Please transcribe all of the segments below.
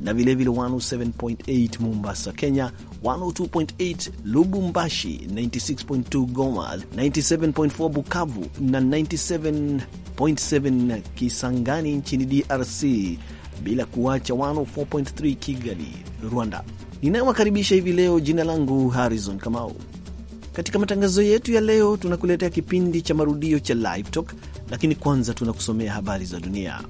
na vilevile 107.8 Mombasa, Kenya, 102.8 Lubumbashi, 96.2 Goma, 97.4 Bukavu na 97.7 Kisangani nchini DRC, bila kuacha 104.3 Kigali, Rwanda. Ninawakaribisha hivi leo. Jina langu Harrison Kamau. Katika matangazo yetu ya leo, tunakuletea kipindi cha marudio cha Live Talk, lakini kwanza tunakusomea habari za dunia.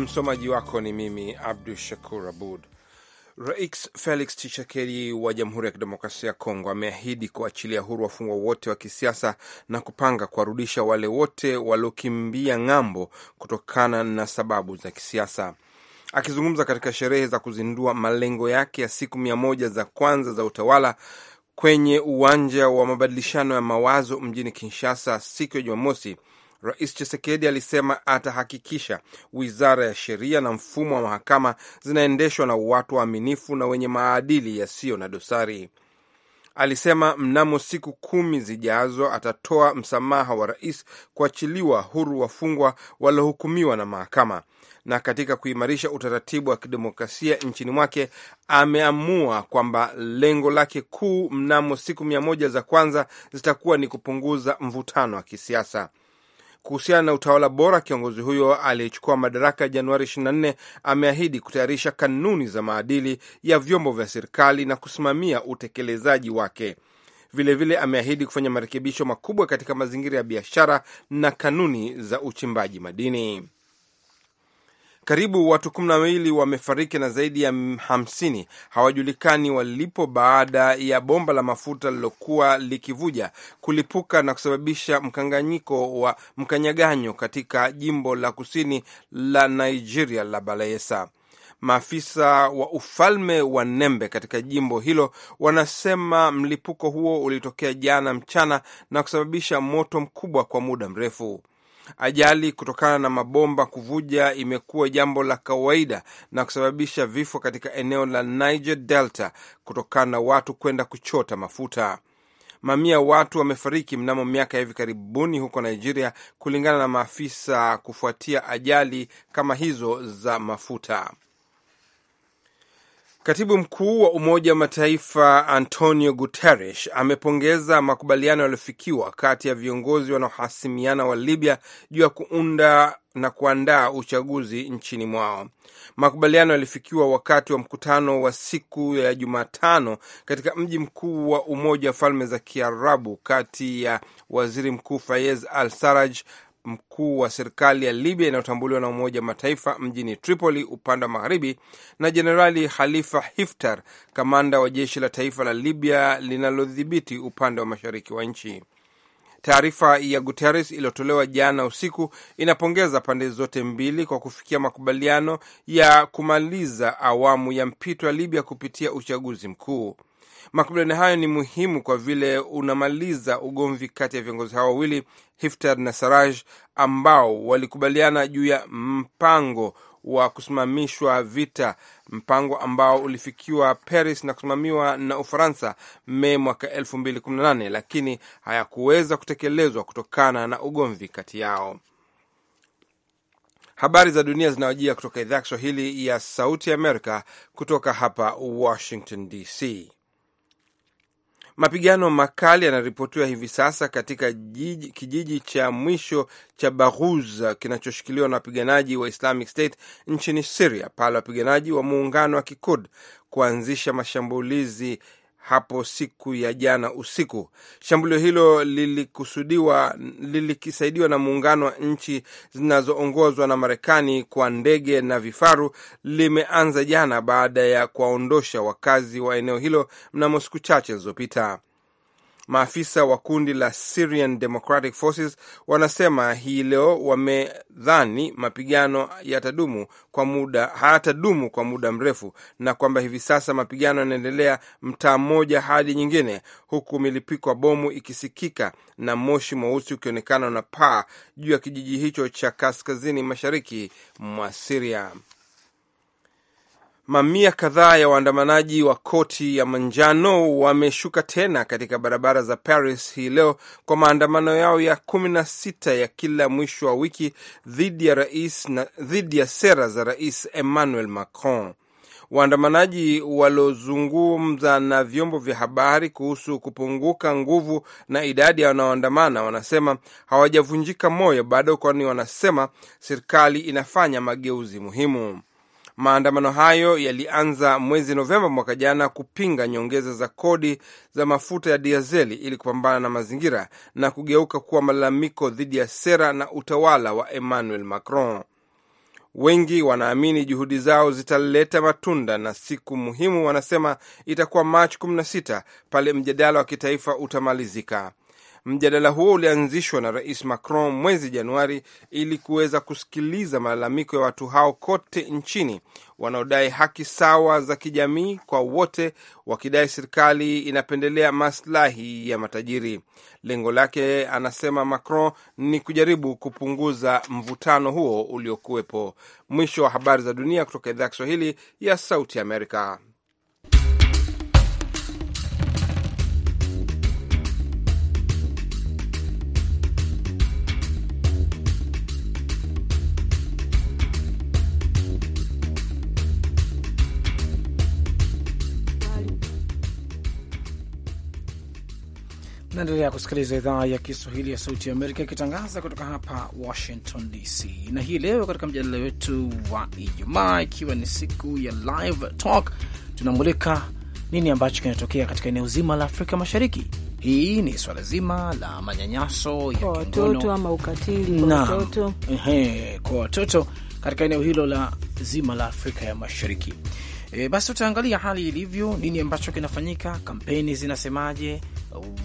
Msomaji wako ni mimi Abdu Shakur Abud. Rais Felix Tshisekedi wa Jamhuri ya Kidemokrasia ya Kongo ameahidi kuachilia huru wafungwa wote wa kisiasa na kupanga kuwarudisha wale wote waliokimbia ng'ambo kutokana na sababu za kisiasa. Akizungumza katika sherehe za kuzindua malengo yake ya siku mia moja za kwanza za utawala kwenye uwanja wa mabadilishano ya mawazo mjini Kinshasa siku ya Jumamosi, Rais Chisekedi alisema atahakikisha wizara ya sheria na mfumo wa mahakama zinaendeshwa na watu waaminifu na wenye maadili yasiyo na dosari. Alisema mnamo siku kumi zijazo atatoa msamaha wa rais kuachiliwa huru wafungwa waliohukumiwa na mahakama. Na katika kuimarisha utaratibu wa kidemokrasia nchini mwake, ameamua kwamba lengo lake kuu mnamo siku mia moja za kwanza zitakuwa ni kupunguza mvutano wa kisiasa. Kuhusiana na utawala bora, kiongozi huyo aliyechukua madaraka Januari 24 ameahidi kutayarisha kanuni za maadili ya vyombo vya serikali na kusimamia utekelezaji wake. Vilevile vile ameahidi kufanya marekebisho makubwa katika mazingira ya biashara na kanuni za uchimbaji madini. Karibu watu kumi na wawili wamefariki na zaidi ya hamsini hawajulikani walipo baada ya bomba la mafuta lilokuwa likivuja kulipuka na kusababisha mkanganyiko wa mkanyaganyo katika jimbo la kusini la Nigeria la Bayelsa. Maafisa wa ufalme wa Nembe katika jimbo hilo wanasema mlipuko huo ulitokea jana mchana na kusababisha moto mkubwa kwa muda mrefu. Ajali kutokana na mabomba kuvuja imekuwa jambo la kawaida na kusababisha vifo katika eneo la Niger Delta kutokana na watu kwenda kuchota mafuta. Mamia watu wamefariki mnamo miaka ya hivi karibuni huko Nigeria, kulingana na maafisa, kufuatia ajali kama hizo za mafuta. Katibu mkuu wa Umoja wa Mataifa Antonio Guterres amepongeza makubaliano yaliyofikiwa kati ya viongozi wanaohasimiana wa Libya juu ya kuunda na kuandaa uchaguzi nchini mwao. Makubaliano yalifikiwa wakati wa mkutano wa siku ya Jumatano katika mji mkuu wa Umoja wa Falme za Kiarabu kati ya waziri mkuu Fayez Al Saraj mkuu wa serikali ya Libya inayotambuliwa na Umoja wa Mataifa mjini Tripoli, upande wa magharibi, na Jenerali Khalifa hiftar kamanda wa jeshi la taifa la Libya linalodhibiti upande wa mashariki wa nchi. Taarifa ya Guterres iliyotolewa jana usiku inapongeza pande zote mbili kwa kufikia makubaliano ya kumaliza awamu ya mpito ya Libya kupitia uchaguzi mkuu. Makubaliano hayo ni muhimu kwa vile unamaliza ugomvi kati ya viongozi hao wawili, hiftar na Saraj, ambao walikubaliana juu ya mpango wa kusimamishwa vita, mpango ambao ulifikiwa Paris na kusimamiwa na Ufaransa Mei mwaka 2018 lakini hayakuweza kutekelezwa kutokana na ugomvi kati yao. Habari za dunia zinawajia kutoka idhaa ya Kiswahili ya Sauti ya Amerika, kutoka hapa Washington DC. Mapigano makali yanaripotiwa hivi sasa katika jiji, kijiji cha mwisho cha Baghuz kinachoshikiliwa na wapiganaji wa Islamic State nchini Siria, pale wapiganaji wa muungano wa Kikurd kuanzisha mashambulizi hapo siku ya jana usiku. Shambulio hilo lilikusudiwa lilikisaidiwa na muungano wa nchi zinazoongozwa na Marekani kwa ndege na vifaru, limeanza jana baada ya kuwaondosha wakazi wa eneo hilo mnamo siku chache zilizopita. Maafisa wa kundi la Syrian Democratic Forces wanasema hii leo wamedhani mapigano yatadumu kwa muda hayatadumu kwa muda mrefu, na kwamba hivi sasa mapigano yanaendelea mtaa mmoja hadi nyingine, huku milipiko ya bomu ikisikika na moshi mweusi ukionekana na paa juu ya kijiji hicho cha kaskazini mashariki mwa Siria. Mamia kadhaa ya waandamanaji wa koti ya manjano wameshuka tena katika barabara za Paris hii leo kwa maandamano yao ya kumi na sita ya kila mwisho wa wiki dhidi ya rais na dhidi ya sera za rais Emmanuel Macron. Waandamanaji waliozungumza na vyombo vya habari kuhusu kupunguka nguvu na idadi ya wanaoandamana wanasema hawajavunjika moyo bado, kwani wanasema serikali inafanya mageuzi muhimu. Maandamano hayo yalianza mwezi Novemba mwaka jana kupinga nyongeza za kodi za mafuta ya diazeli ili kupambana na mazingira na kugeuka kuwa malalamiko dhidi ya sera na utawala wa Emmanuel Macron. Wengi wanaamini juhudi zao zitaleta matunda na siku muhimu wanasema itakuwa Machi 16 pale mjadala wa kitaifa utamalizika. Mjadala huo ulianzishwa na Rais Macron mwezi Januari ili kuweza kusikiliza malalamiko ya watu hao kote nchini wanaodai haki sawa za kijamii kwa wote, wakidai serikali inapendelea maslahi ya matajiri. Lengo lake, anasema Macron, ni kujaribu kupunguza mvutano huo uliokuwepo. Mwisho wa habari za dunia kutoka idhaa ya Kiswahili ya Sauti Amerika. Naendelea kusikiliza idhaa ya Kiswahili ya Sauti ya Amerika ikitangaza kutoka hapa Washington DC, na hii leo katika mjadala wetu wa Ijumaa, ikiwa ni siku ya Live Talk, tunamulika nini ambacho kinatokea katika eneo zima la Afrika Mashariki. Hii ni swala zima la manyanyaso ya kwa watoto ama ukatili kwa watoto, ehe, kwa watoto katika eneo hilo la zima la Afrika ya Mashariki. E, basi utaangalia hali ilivyo, nini ambacho kinafanyika, kampeni zinasemaje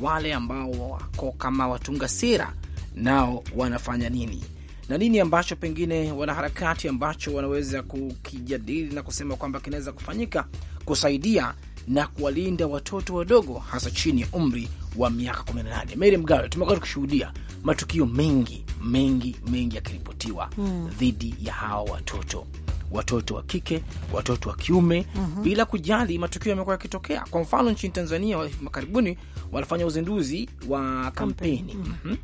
wale ambao wako kama watunga sera nao wanafanya nini na nini ambacho pengine wanaharakati ambacho wanaweza kukijadili na kusema kwamba kinaweza kufanyika kusaidia na kuwalinda watoto wadogo hasa chini ya umri wa miaka 18. Mary Mgawe, tumekuwa tukishuhudia matukio mengi mengi mengi yakiripotiwa hmm, dhidi ya hawa watoto watoto wa kike, watoto wa kiume mm -hmm. bila kujali matukio yamekuwa yakitokea. Kwa mfano nchini Tanzania makaribuni walifanya uzinduzi wa kampeni mm -hmm.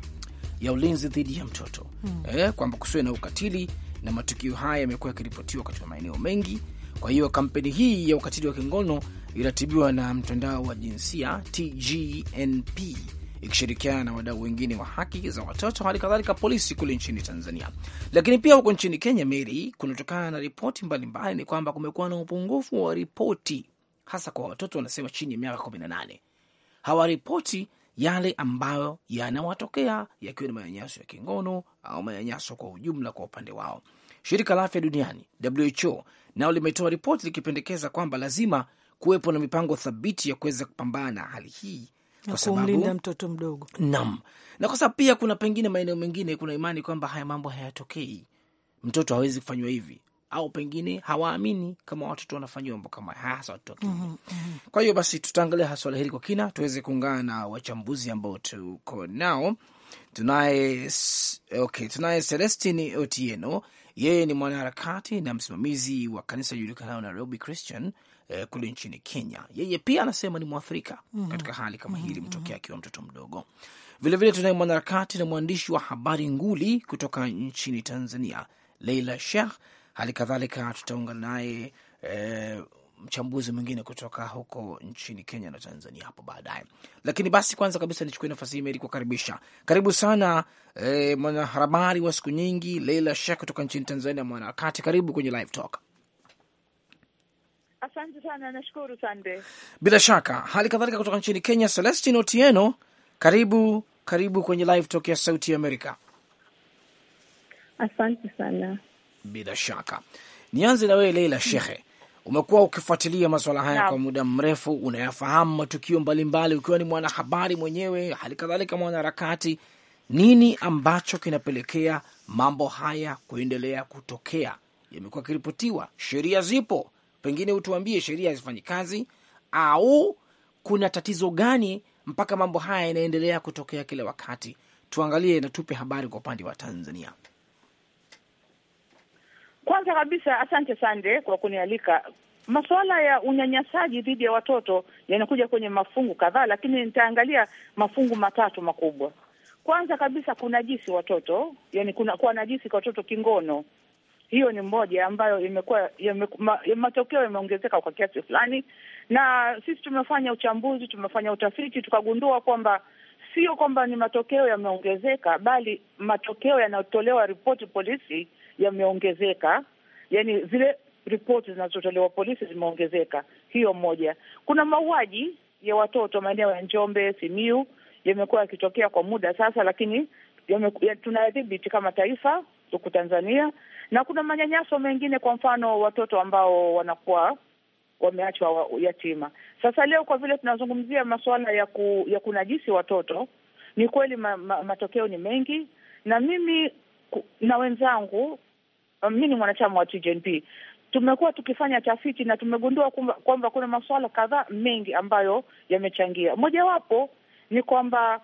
ya ulinzi dhidi ya mtoto mm -hmm. eh, kwamba kusiwe na ukatili na matukio haya yamekuwa yakiripotiwa katika maeneo mengi. Kwa hiyo kampeni hii ya ukatili wa kingono iratibiwa na mtandao wa jinsia TGNP ikishirikiana na wadau wengine wa haki za watoto, hali kadhalika polisi kule nchini Tanzania. Lakini pia huko nchini Kenya, Meri, kunatokana na ripoti mbalimbali ni kwamba kumekuwa na upungufu wa ripoti, hasa kwa watoto wanasema chini ya miaka kumi na nane hawaripoti yale ambayo yanawatokea yakiwa ni manyanyaso ya kingono au manyanyaso kwa ujumla kwa upande wao. Shirika la Afya Duniani, WHO, nao limetoa ripoti likipendekeza kwamba lazima kuwepo na mipango thabiti ya kuweza kupambana na hali hii kwa kumlinda mtoto mdogo nam, na kwa sababu pia kuna pengine maeneo mengine kuna imani kwamba haya mambo hayatokei, mtoto hawezi kufanywa hivi, au pengine hawaamini kama watoto wanafanyiwa mambo kama haya, hasa watoto mhm, mhm. Kwa hiyo basi tutaangalia swala hili kwa kina, tuweze kuungana na wachambuzi ambao tuko nao. Tunaye okay, tunaye Celestin Otieno, yeye ni mwanaharakati na msimamizi wa kanisa julikanao Nairobi Christian eh, kule nchini Kenya. Yeye pia anasema ni mwathirika mm -hmm. katika hali kama mm hii ilimtokea mhm. akiwa mtoto mdogo. Vilevile tunaye mwanaharakati na mwandishi wa habari nguli kutoka nchini Tanzania, Leila Sheikh. Hali kadhalika tutaungana naye eh, mchambuzi mwingine kutoka huko nchini Kenya na Tanzania hapo baadaye. Lakini basi kwanza kabisa nichukue nafasi hii meli kuwakaribisha. karibu sana eh, mwanahabari wa siku nyingi Leila Sheikh kutoka nchini Tanzania, mwanaharakati. Karibu kwenye Live Talk. Asante sana, nashukuru Sande. Bila shaka hali kadhalika kutoka nchini Kenya, Celestin Otieno, karibu karibu kwenye live talk ya Sauti ya Amerika. Asante sana. Bila shaka nianze na wewe Leila Shehe. umekuwa ukifuatilia masuala haya kwa muda mrefu, unayafahamu matukio mbalimbali, ukiwa ni mwanahabari mwenyewe, hali kadhalika mwanaharakati. Nini ambacho kinapelekea mambo haya kuendelea kutokea? Yamekuwa yakiripotiwa, sheria zipo, pengine utuambie sheria hazifanyi kazi au kuna tatizo gani mpaka mambo haya yanaendelea kutokea kila wakati. Tuangalie na tupe habari kwa upande wa Tanzania. Kwanza kabisa, asante Sande kwa kunialika. Masuala ya unyanyasaji dhidi ya watoto yanakuja kwenye mafungu kadhaa, lakini nitaangalia mafungu matatu makubwa. Kwanza kabisa, kunajisi watoto, yani kuna kuwa najisi kwa watoto kingono hiyo ni moja ambayo imekuwa matokeo yameongezeka kwa kiasi fulani, na sisi tumefanya uchambuzi, tumefanya utafiti, tukagundua kwamba sio kwamba ni matokeo yameongezeka, bali matokeo yanayotolewa ripoti polisi yameongezeka, yani zile ripoti zinazotolewa polisi zimeongezeka. Hiyo moja. Kuna mauaji ya watoto maeneo ya Njombe, Simiu yamekuwa yakitokea kwa muda sasa, lakini tunayadhibiti kama taifa huku Tanzania, na kuna manyanyaso mengine, kwa mfano watoto ambao wanakuwa wameachwa yatima. Sasa leo kwa vile tunazungumzia masuala ya, ku, ya kunajisi watoto, ni kweli ma, ma, matokeo ni mengi, na mimi na wenzangu, mi ni mwanachama wa TGNP, tumekuwa tukifanya tafiti na tumegundua kwamba kuna masuala kadhaa mengi ambayo yamechangia. Mojawapo ni kwamba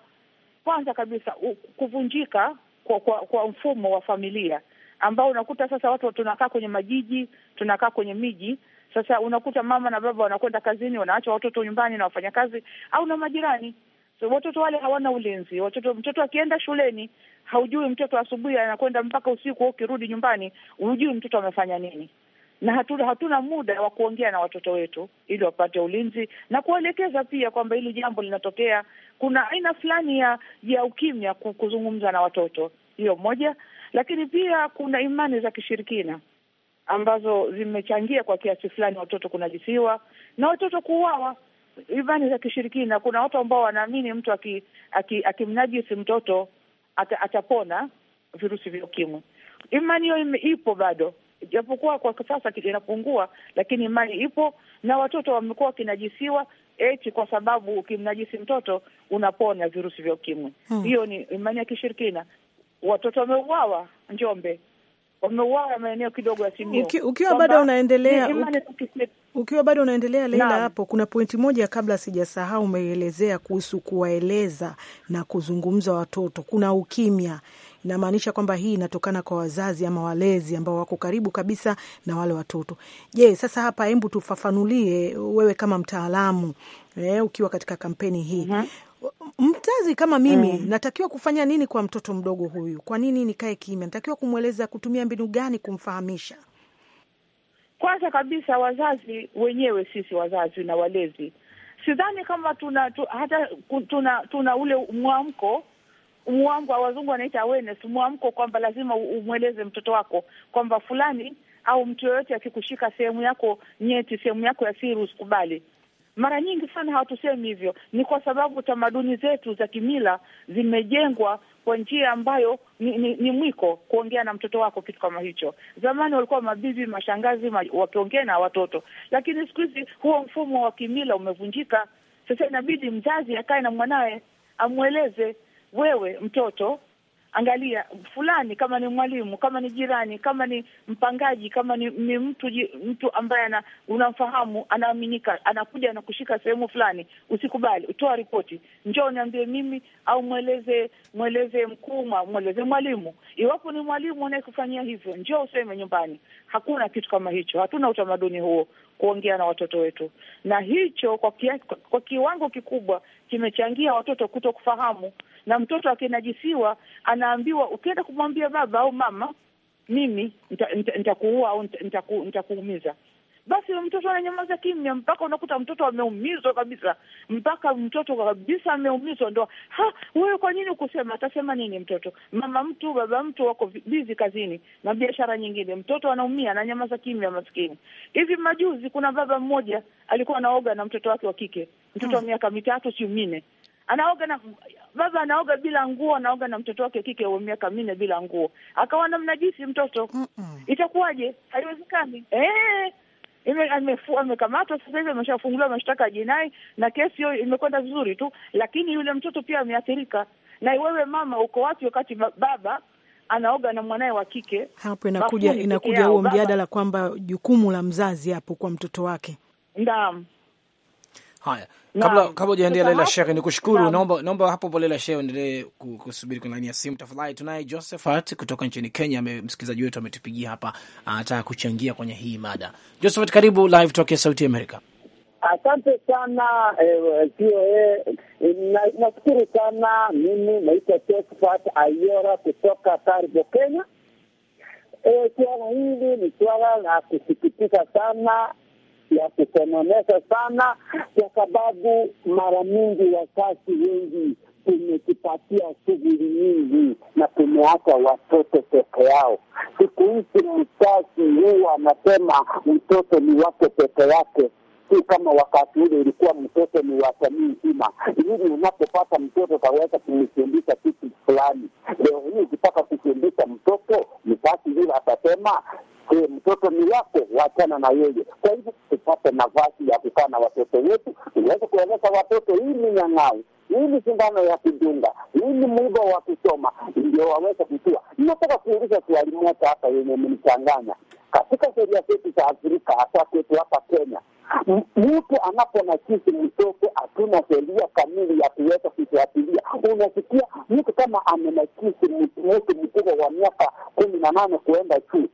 kwanza kabisa kuvunjika kwa, kwa, kwa mfumo wa familia ambao unakuta sasa watu tunakaa kwenye majiji, tunakaa kwenye miji. Sasa unakuta mama na baba wanakwenda kazini, wanaacha watoto nyumbani na wafanya kazi au na majirani. So, watoto wale hawana ulinzi. Watoto, mtoto akienda shuleni haujui, mtoto asubuhi anakwenda mpaka usiku, ukirudi nyumbani hujui mtoto amefanya nini na hatuna, hatuna muda wa kuongea na watoto wetu ili wapate ulinzi na kuwaelekeza pia kwamba hili jambo linatokea. Kuna aina fulani ya ya ukimya kuzungumza na watoto, hiyo moja, lakini pia kuna imani za kishirikina ambazo zimechangia kwa kiasi fulani watoto kunajisiwa na watoto kuuawa. Imani za kishirikina, kuna watu ambao wanaamini mtu akimnajisi aki, aki mtoto atapona virusi vya ukimwi. Imani hiyo ipo bado japokuwa kwa sasa kinapungua, lakini mali ipo, na watoto wamekuwa wakinajisiwa eti kwa sababu ukimnajisi mtoto unapona virusi vya ukimwi. Hmm. Hiyo hmm, ni imani ya kishirikina. Watoto wameuawa Njombe, wameuawa maeneo kidogo ya Simiyu. Uki, ukiwa bado unaendelea ukiwa bado unaendelea Leila, hapo kuna pointi moja kabla sijasahau, umeelezea kuhusu kuwaeleza na kuzungumza watoto, kuna ukimya Inamaanisha kwamba hii inatokana kwa wazazi ama walezi ambao wako karibu kabisa na wale watoto. Je, sasa hapa, hebu tufafanulie wewe kama mtaalamu eh, ukiwa katika kampeni hii mm -hmm. Mzazi kama mimi mm. natakiwa kufanya nini kwa mtoto mdogo huyu? Kwa nini nikae kimya? Natakiwa kumweleza, kutumia mbinu gani kumfahamisha? Kwanza kabisa, wazazi wenyewe, sisi wazazi na walezi, sidhani kama tuna tu, hata tuna, tuna ule mwamko mwamko wa wazungu wanaita awareness, mwamko kwamba lazima umweleze mtoto wako kwamba fulani au mtu yoyote akikushika sehemu yako nyeti, sehemu yako ya siri usikubali. Mara nyingi sana hawatusemi hivyo, ni kwa sababu tamaduni zetu za kimila zimejengwa kwa njia ambayo ni, ni, ni mwiko kuongea na mtoto wako kitu kama hicho. Zamani walikuwa mabibi, mashangazi ma, wakiongea na watoto, lakini siku hizi huo mfumo wa kimila umevunjika. Sasa inabidi mzazi akae na mwanawe amweleze wewe mtoto angalia fulani, kama ni mwalimu, kama ni jirani, kama ni mpangaji, kama ni, ni mtu mtu ambaye ana, unamfahamu anaaminika, anakuja na kushika sehemu fulani, usikubali, utoa ripoti, njoo niambie mimi, au mweleze mweleze mkuu, mweleze mwalimu. Iwapo ni mwalimu anayekufanyia hivyo, njoo useme nyumbani. Hakuna kitu kama hicho, hatuna utamaduni huo kuongea na watoto wetu, na hicho kwa, kia, kwa kiwango kikubwa kimechangia watoto kuto kufahamu na mtoto akinajisiwa, anaambiwa ukienda kumwambia baba au mama, mimi nitakuua au nitakuumiza. Basi mtoto ananyamaza kimya, mpaka unakuta mtoto ameumizwa kabisa, mpaka mtoto kabisa ameumizwa, ndo ha, wewe kwa nini ukusema? Atasema nini mtoto? Mama mtu baba mtu wako bizi kazini na biashara nyingine, mtoto anaumia, ananyamaza kimya, maskini. Hivi majuzi kuna baba mmoja alikuwa anaoga na mtoto wake wa kike, mtoto wa mm. miaka mitatu siu mine anaoga na baba anaoga bila nguo, anaoga na mtoto wake kike wa miaka minne bila nguo, akawa namnajisi mtoto mm -mm. Itakuwaje? Haiwezekani eh, Amekamatwa sasa hivi, ameshafunguliwa mashtaka ya jinai na kesi hiyo imekwenda vizuri tu, lakini yule mtoto pia ameathirika. Na wewe mama, uko wapi wakati baba anaoga na mwanaye wa kike? Hapo inakuja inakuja huo mjadala kwamba jukumu la mzazi hapo kwa mtoto wake, ndam Haya, kabla kabla hujaendelea Laila ni kushukuru. Naomba naomba hapo hapo Laila Sheikh endelee kusubiri kwenye laini ya simu tafadhali. Tunaye Josephat kutoka nchini Kenya, msikilizaji wetu ametupigia hapa, anataka kuchangia kwenye hii mada. Josephat, karibu live talk ya Sauti ya Amerika. Asante sana eh, nashukuru sana. Mimi naitwa Josephat Ayora kutoka Karibo, Kenya. Eh, swala hili ni swala la kusikitisha sana ya kusononesha sana, kwa sababu mara mingi wazazi wengi tumekipatia shughuli nyingi na tumeacha watoto peke yao. Siku hizi mzazi huu anasema mtoto ni wake peke yake, si kama wakati ule ilikuwa mtoto ni wa jamii nzima. Hivi unapopata mtoto utaweza kumfundisha kitu fulani. Leo hii ukitaka kufundisha mtoto, mzazi yule atasema e, mtoto ni wako, wachana na yeye. Kwa hivyo tupate nafasi ya kukaa na watoto wetu, tuweze kuonyesha watoto hii ni nyang'au, hii ni sindano ya kidunga hii ni mwigo wa kusoma, ndio waweze kutua. Nataka kuuliza swali moja hapa yenye mnichanganya katika sheria zetu za Afrika, hasa kwetu hapa Kenya, mtu anaponakisi mtoto, hatuna sheria kamili ya kuweza kufuatilia. Unasikia mtu kama amenakisi mtu mkubwa wa miaka kumi na nane kuenda juu,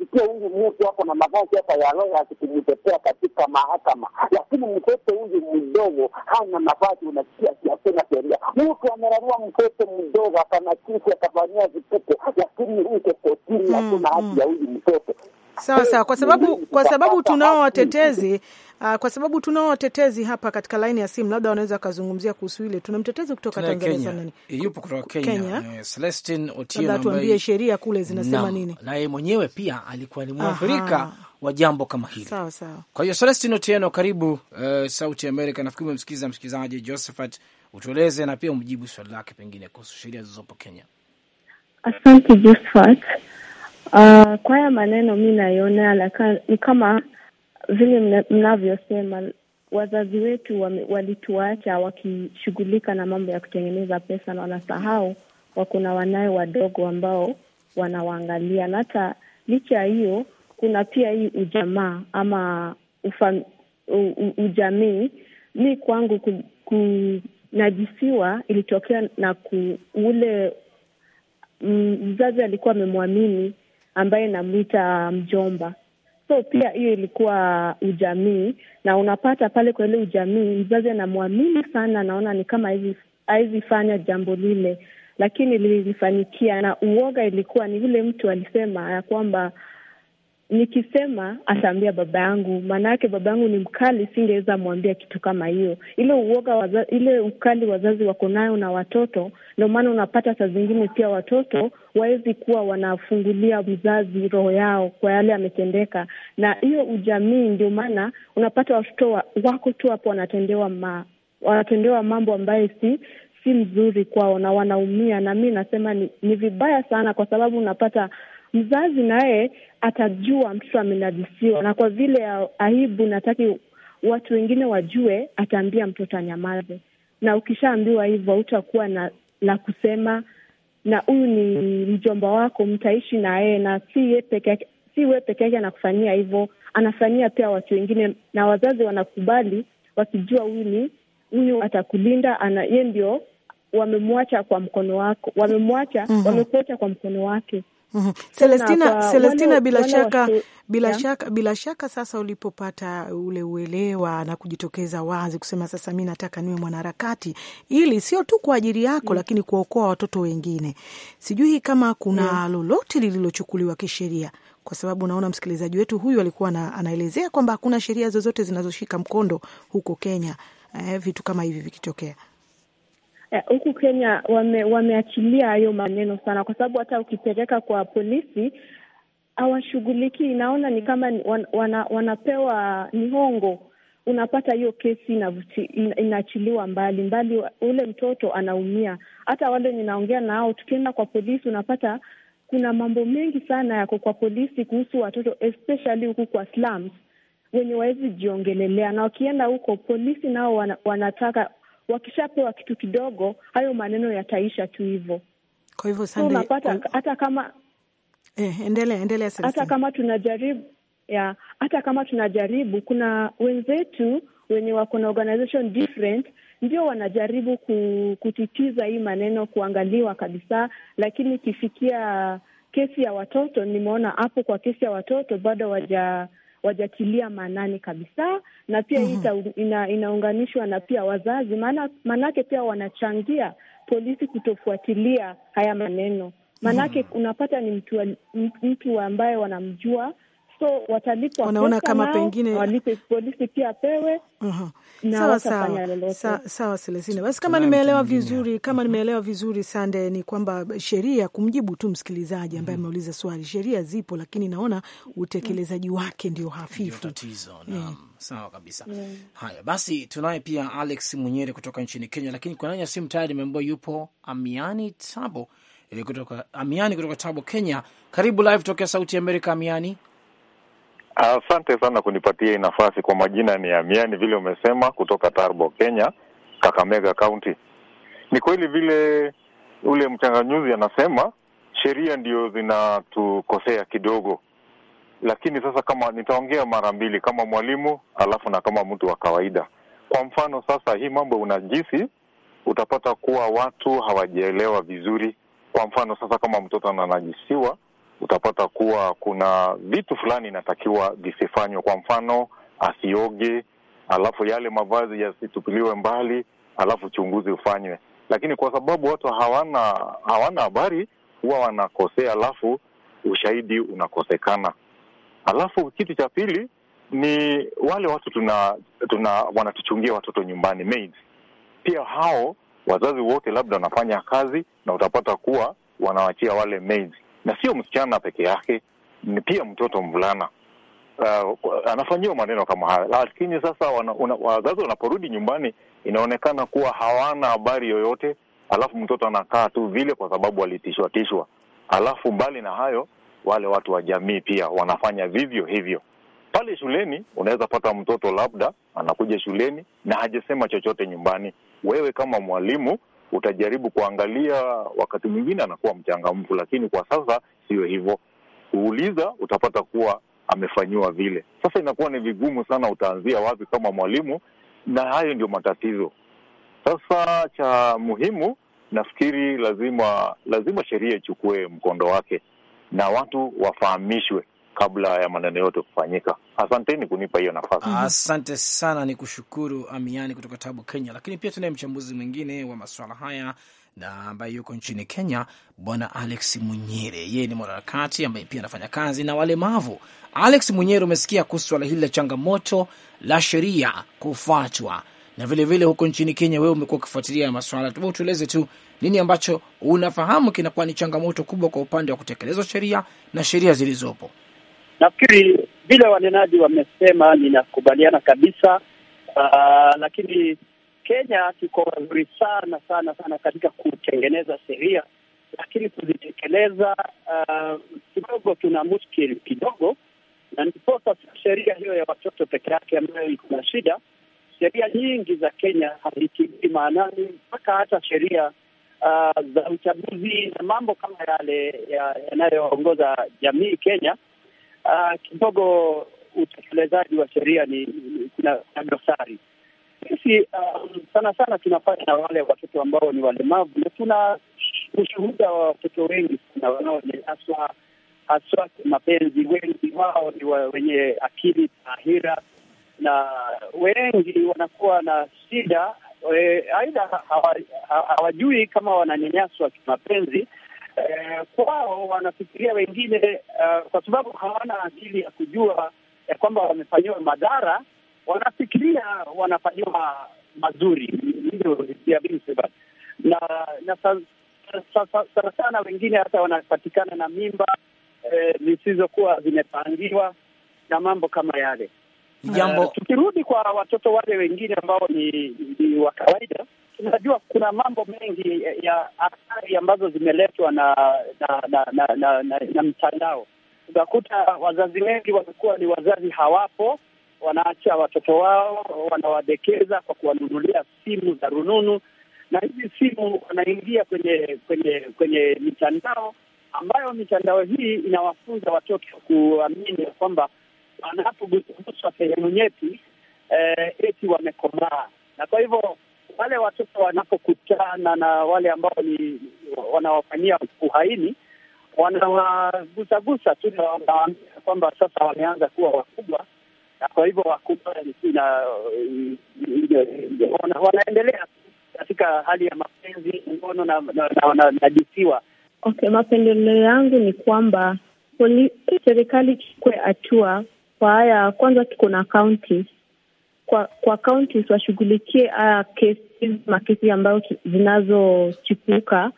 Utasikia huyu mtu hapo na mavazi hapa ya loya akikumtetea katika mahakama, lakini mtoto huyu mdogo hana mavazi, unasikia hakuna sheria. Mtu amerarua mtoto mdogo akanakisi, akafanyia vituko, lakini huko kotini hakuna mm, haki ya mm. huyu mtoto. Sawa sawa, kwa sababu kwa sababu tunao watetezi uh, kwa sababu tunao watetezi hapa katika laini ya simu, labda wanaweza wakazungumzia kuhusu ile. Tuna mtetezi kutoka Tanzania, nani yupo kutoka Kenya, Kenya. Eh, Celestin Otieno, labda tuambie sheria kule zinasema na, nini, naye mwenyewe pia alikuwa ni mwathirika wa jambo kama hili. Sawa sawa. Kwa hiyo Celestin Otieno, karibu uh, Sauti Amerika. Nafikiri umemsikiza msikilizaji Josephat, utueleze na pia umjibu swali lake pengine kuhusu sheria zilizopo Kenya. Asante Josephat. Uh, kwa haya maneno mi naiona ni kama vile mnavyosema wazazi wetu walituacha wakishughulika na mambo ya kutengeneza pesa na wanasahau wako na wanawe wadogo ambao wanawaangalia. Na hata licha ya hiyo, kuna pia hii ujamaa ama ufam, u, u, ujamii. Mi kwangu kunajisiwa ku, ilitokea na ku, ule mm, mzazi alikuwa amemwamini ambaye namwita mjomba So pia hiyo ilikuwa ujamii, na unapata pale kwa ile ujamii mzazi anamwamini sana, anaona ni kama hawezi fanya jambo lile, lakini lilifanikia. Na uoga ilikuwa ni yule mtu alisema ya kwamba nikisema ataambia baba yangu, maana yake baba yangu ni mkali, singeweza mwambia kitu kama hiyo. Ile uoga waza, ile ukali wazazi wako nayo na watoto, ndio maana unapata saa zingine pia watoto wawezi kuwa wanafungulia mzazi roho yao kwa yale ametendeka, na hiyo ujamii, ndio maana unapata watoto wa, wako tu hapo wanatendewa ma, wanatendewa mambo ambayo si si mzuri kwao na wanaumia, na mi nasema ni, ni vibaya sana, kwa sababu unapata mzazi naye atajua mtoto amenajisiwa, na kwa vile aibu, nataki watu wengine wajue, ataambia mtoto anyamaze. Na ukishaambiwa hivyo, hautakuwa na la kusema, na huyu ni mjomba wako, mtaishi naye na si ye peke yake, si we peke yake anakufanyia hivyo, anafanyia pia watu wengine, na wazazi wanakubali wakijua huyu ni huyu, atakulinda ana ye ndio wamemwacha kwa mkono wako, wamemwacha mhm. wamekuacha kwa mkono wake Mhm. Celestina, Celestina bila wale shaka wase, bila yeah, shaka bila shaka sasa ulipopata ule uelewa na kujitokeza wazi kusema sasa mi nataka niwe mwanaharakati ili sio tu kwa ajili yako mm lakini kuwaokoa watoto wengine, sijui kama kuna mm lolote lililochukuliwa kisheria kwa sababu naona msikilizaji wetu huyu alikuwa na, anaelezea kwamba hakuna sheria zozote zinazoshika mkondo huko Kenya, eh, vitu kama hivi vikitokea. Eh, huku uh, Kenya wame, wameachilia hayo maneno sana, kwa sababu hata ukipeleka kwa polisi hawashughuliki. Naona ni kama wana, wanapewa mihongo Unapata hiyo kesi inaachiliwa mbali mbali, ule mtoto anaumia. Hata wale ninaongea nao, tukienda kwa polisi unapata kuna mambo mengi sana yako kwa polisi kuhusu watoto especially huku kwa slums wenye wawezi jiongelelea, na wakienda huko polisi nao wanataka wakishapewa kitu kidogo, hayo maneno yataisha tu hivyo. Kwa hivyo unapata hata kama eh, endelea, endelea, hata kama tunajaribu ya, hata kama tunajaribu, kuna wenzetu wenye wako na organization different ndio wanajaribu kutitiza hii maneno kuangaliwa kabisa, lakini ikifikia kesi ya watoto, nimeona hapo kwa kesi ya watoto bado waja wajatilia maanani kabisa, na pia hii mm-hmm. ina, inaunganishwa na pia wazazi, maana maanake pia wanachangia polisi kutofuatilia haya maneno maanake, mm-hmm. unapata ni mtu, mtu ambaye wanamjua watoto watalipwa, wanaona kama pengine walipe polisi pia apewe. uh-huh. Sawa sawa sawa, Selesine, Basi kama nimeelewa vizuri, kama nimeelewa vizuri Sande, ni kwamba sheria, kumjibu tu msikilizaji ambaye mhm. ameuliza swali, sheria zipo, lakini naona utekelezaji mm. wake ndio hafifu, tatizo. Naam, sawa kabisa. Haya basi, tunaye pia Alex Munyere kutoka nchini Kenya, lakini kwa nani simu tayari nimeambiwa yupo Amiani Tabo eh, kutoka Amiani kutoka Tabo, Kenya. Karibu live tokea Sauti ya Amerika, Amiani. Asante sana kunipatia hii nafasi. Kwa majina ni Amiani vile umesema, kutoka Tarbo, Kenya, Kakamega County. Ni kweli vile ule mchanganyuzi anasema sheria ndio zinatukosea kidogo, lakini sasa, kama nitaongea mara mbili kama mwalimu alafu na kama mtu wa kawaida. Kwa mfano sasa, hii mambo unajisi, utapata kuwa watu hawajielewa vizuri. Kwa mfano sasa, kama mtoto ananajisiwa utapata kuwa kuna vitu fulani inatakiwa visifanywe. Kwa mfano, asioge, alafu yale mavazi yasitupiliwe mbali, alafu uchunguzi ufanywe. Lakini kwa sababu watu hawana hawana habari, huwa wanakosea, alafu ushahidi unakosekana. Alafu kitu cha pili ni wale watu tuna, tuna wanatuchungia watoto nyumbani maids. Pia hao wazazi wote labda wanafanya kazi na utapata kuwa wanawachia wale maids na sio msichana peke yake, ni pia mtoto mvulana uh, anafanyiwa maneno kama haya Lakini sasa wazazi wanaporudi nyumbani, inaonekana kuwa hawana habari yoyote, alafu mtoto anakaa tu vile kwa sababu alitishwa tishwa. Alafu mbali na hayo, wale watu wa jamii pia wanafanya vivyo hivyo. Pale shuleni unaweza pata mtoto labda anakuja shuleni na hajasema chochote nyumbani. Wewe kama mwalimu utajaribu kuangalia, wakati mwingine anakuwa mchangamfu, lakini kwa sasa siyo hivyo. Kuuliza utapata kuwa amefanyiwa vile. Sasa inakuwa ni vigumu sana, utaanzia wapi kama mwalimu? Na hayo ndio matatizo sasa. Cha muhimu nafikiri lazima lazima sheria ichukue mkondo wake na watu wafahamishwe kabla ya maneno yote kufanyika. Asanteni kunipa hiyo nafasi. Ah, asante sana, ni kushukuru Amiani kutoka Tabu, Kenya. Lakini pia tunaye mchambuzi mwingine wa masuala haya na ambaye yuko nchini Kenya, Bwana Alex Munyere. Yeye ni mwanaharakati ambaye pia anafanya kazi na walemavu. Alex Munyere, umesikia kuhusu swala hili la changamoto la sheria kufuatwa na vilevile vile huko nchini Kenya, wewe umekuwa ukifuatilia maswala, tuba tueleze tu nini ambacho unafahamu kinakuwa ni changamoto kubwa kwa upande wa kutekelezwa sheria na sheria zilizopo. Nafikiri vile wanenaji wamesema, ninakubaliana kabisa. Uh, lakini Kenya tuko wazuri sana sana sana katika kutengeneza sheria, lakini kuzitekeleza ah, kidogo uh, tuna mushkili kidogo, na ndiposa sheria hiyo ya watoto peke yake ambayo iko na shida. Sheria nyingi za Kenya hazitilii maanani, mpaka hata sheria uh, za uchaguzi na mambo kama yale yanayoongoza jamii Kenya uh, kidogo utekelezaji wa sheria ni kuna dosari. Sisi um, sana sana tunapata na wale watoto ambao ni walemavu, na tuna ushuhuda wa watoto wengi sana wanaonyanyaswa haswa mapenzi. Wengi wao ni wa, wenye akili tahira na wengi wanakuwa na shida eh, aidha hawajui kama wananyanyaswa kimapenzi Eh, kwao wanafikiria wengine uh, kwa sababu hawana akili ya kujua ya kwamba wamefanyiwa madhara, wanafikiria wanafanyiwa mazuri, Na, na sana sana wengine hata wanapatikana na mimba eh, zisizokuwa eh, zimepangiwa na mambo kama yale jambo. Uh, tukirudi kwa watoto wale wengine ambao ni, ni wa kawaida tunajua kuna mambo mengi ya athari ambazo zimeletwa na na na, na, na, na, na mtandao. Utakuta wazazi wengi wamekuwa ni wazazi hawapo, wanaacha watoto wao, wanawadekeza kwa kuwanunulia simu za rununu, na hizi simu wanaingia kwenye kwenye kwenye mitandao ambayo mitandao hii inawafunza watoto kuamini kwamba wanapoguswa sehemu nyeti, eh, eti wamekomaa na kwa hivyo wale watoto wanapokutana na wale ambao ni wanawafanyia uhaini wanawagusagusa tu na wanawaambia kwamba sasa wameanza kuwa wakubwa, na kwa hivyo wakubwa wanaendelea katika hali ya mapenzi, ngono na na, Okay, mapendeleo yangu ni kwamba serikali ichukue hatua kwa haya. Kwanza tuko na kaunti kwa kwa counties washughulikie kesi uh, makesi ambayo zinazochipuka,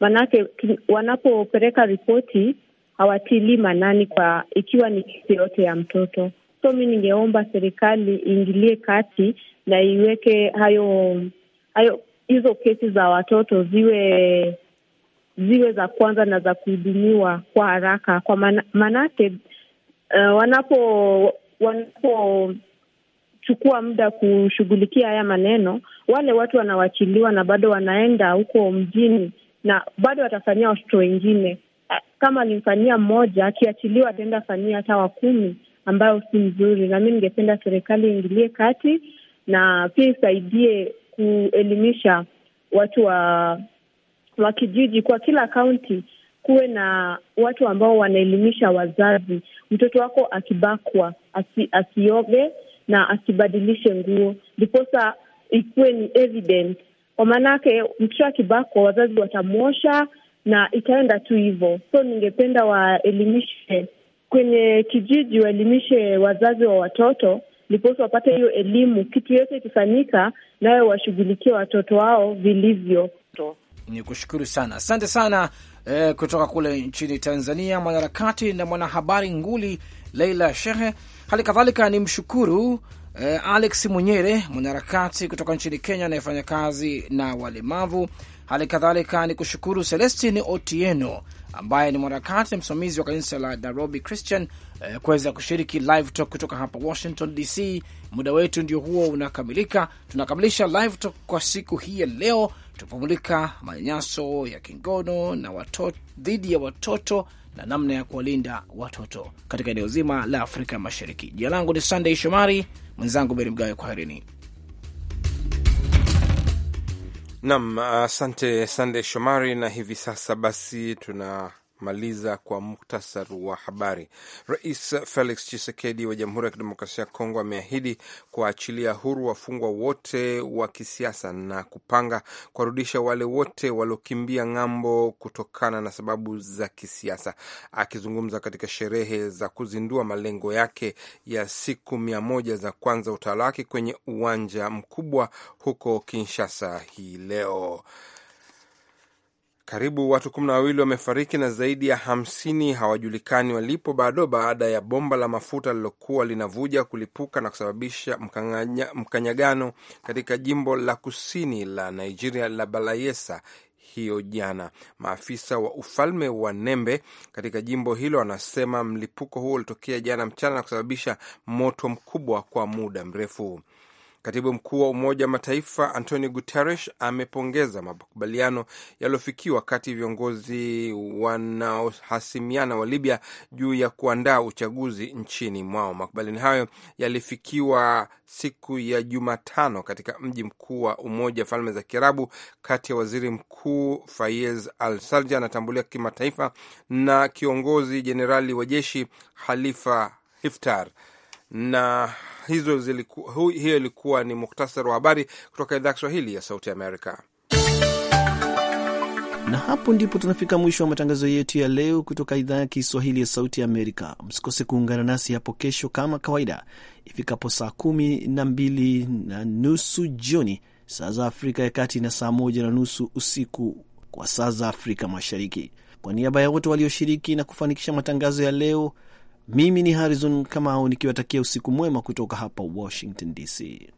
manake wanapopeleka ripoti hawatilii manani kwa ikiwa ni kesi yote ya mtoto. So mi ningeomba serikali iingilie kati na iweke hayo hayo hizo kesi za watoto ziwe ziwe za kwanza na za kuhudumiwa kwa haraka, kwa manake uh, wanapo wanapo kuchukua muda kushughulikia haya maneno, wale watu wanawachiliwa na bado wanaenda huko mjini na bado watafanyia watoto wengine. Ah, kama alimfanyia mmoja, akiachiliwa ataenda fanyia hata wa kumi, ambayo si mzuri. Na mi ningependa serikali iingilie kati na pia isaidie kuelimisha watu wa wa kijiji. Kwa kila kaunti kuwe na watu ambao wanaelimisha wazazi. Mtoto wako akibakwa, asi, asioge na asibadilishe nguo, ndiposa ikuwe ni evident, kwa maanake mtoto akibakwa wazazi watamwosha na itaenda tu hivyo. So ningependa waelimishe kwenye kijiji, waelimishe wazazi wa watoto ndiposa wapate hiyo elimu. Kitu yote ikifanyika, nawe washughulikie watoto wao vilivyo. Ni kushukuru sana, asante sana e, kutoka kule nchini Tanzania, mwanaharakati na mwanahabari nguli Leila Shehe. Hali kadhalika ni mshukuru e, Alex Munyere, mwanaharakati kutoka nchini Kenya anayefanya kazi na walemavu. Hali kadhalika ni kushukuru Celestin Otieno ambaye ni mwanaharakati msimamizi wa kanisa la Nairobi Christian eh, kuweza kushiriki live talk kutoka hapa Washington DC. Muda wetu ndio huo unakamilika, tunakamilisha live talk kwa siku hii ya leo. Tupumulika manyanyaso ya kingono na watoto dhidi ya watoto na namna ya kuwalinda watoto katika eneo zima la Afrika Mashariki. Jina langu ni Sunday Shomari, mwenzangu Meri Mgawe. Kwaherini. Nam, asante Sunday Shomari. Na hivi sasa basi tuna maliza kwa muktasar wa habari. Rais Felix Tshisekedi wa Jamhuri ya Kidemokrasia ya Kongo ameahidi kuwaachilia huru wafungwa wote wa kisiasa na kupanga kuwarudisha wale wote waliokimbia ng'ambo kutokana na sababu za kisiasa. Akizungumza katika sherehe za kuzindua malengo yake ya siku mia moja za kwanza utawala wake kwenye uwanja mkubwa huko Kinshasa hii leo. Karibu watu kumi na wawili wamefariki na zaidi ya hamsini hawajulikani walipo bado baada ya bomba la mafuta lilokuwa linavuja kulipuka na kusababisha mkanyagano katika jimbo la kusini la Nigeria la balayesa hiyo jana. Maafisa wa ufalme wa Nembe katika jimbo hilo wanasema mlipuko huo ulitokea jana mchana na kusababisha moto mkubwa kwa muda mrefu. Katibu mkuu wa Umoja wa Mataifa Antonio Guterres amepongeza makubaliano yaliyofikiwa kati ya viongozi wanaohasimiana wa Libya juu ya kuandaa uchaguzi nchini mwao. Makubaliano hayo yalifikiwa siku ya Jumatano katika mji mkuu wa Umoja wa Falme za Kiarabu, kati ya waziri mkuu Fayez Al Sarja anatambulia kimataifa na kiongozi jenerali wa jeshi Khalifa Haftar na hizo ziliku, hu, hiyo ilikuwa ni muktasari wa habari kutoka idhaa ya Kiswahili ya Sauti Amerika. Na hapo ndipo tunafika mwisho wa matangazo yetu ya leo kutoka idhaa ya Kiswahili ya Sauti Amerika. Msikose kuungana nasi hapo kesho kama kawaida ifikapo saa kumi na mbili na nusu jioni saa za Afrika ya Kati na saa moja na nusu usiku kwa saa za Afrika Mashariki. Kwa niaba ya wote walioshiriki na kufanikisha matangazo ya leo mimi ni Harrison Kamau nikiwatakia usiku mwema kutoka hapa Washington DC.